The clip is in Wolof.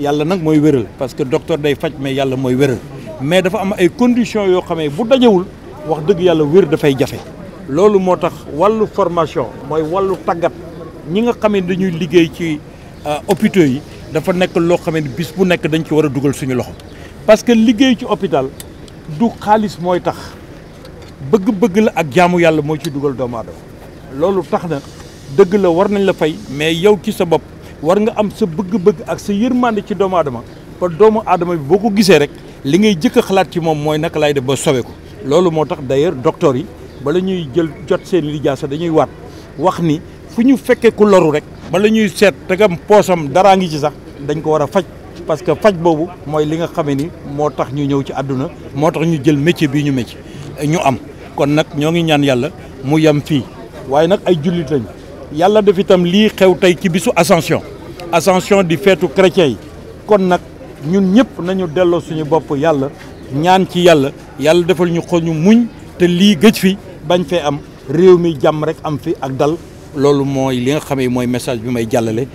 yàlla nag mooy wéral parce que docteur day faj mais yàlla mooy wéral mais dafa am ay conditions yoo xamee bu dajewul wax dëgg yàlla wér dafay jafe loolu moo tax wàllu formation mooy wàllu tàggat ñi nga xam ne dañuy liggéey ci euh, hôpitaux yi dafa nekk loo xam ne bu nekk dañ ci war a dugal suñu loxo parce que liggéey ci hôpital du xaalis mooy tax bëgg-bëgg la ak jaamu yàlla mooy ci dugal doomu aadama loolu tax na dëgg la war nañ la fay mais yow ci sa bopp war nga am sa bëgg-bëgg ak sa yërmande ci doomu aadama ba doomu aadama bi boo ko gisee rek li ngay jëkk a xalaat ci moom mooy naka laay def ba sowe ko loolu moo tax d'ailleurs docteur yi bala ñuy jël jot seen lijaasa dañuy waat wax ni fu ñu fekkee ku loru rek bala ñuy seet tegam poosam daraa ngi ci sax dañ ko war a faj parce que faj boobu mooy li nga xamee ni moo tax ñu ñëw ci àdduna moo tax ñu jël métier bii ñu métier ñu am kon nag ñoo ngi ñaan yàlla mu yem fii waaye nag ay jullit lañ yalla def itam des xew tay ci bisu ascension ascension di chrétien kon nak ñun ñep nañu delloo suñu bop yalla ñaan ci yalla yalla defal ñu xol ñu muñ te li gëj fi bañ fe am réew mi rek am fi ak dal li nga message bi may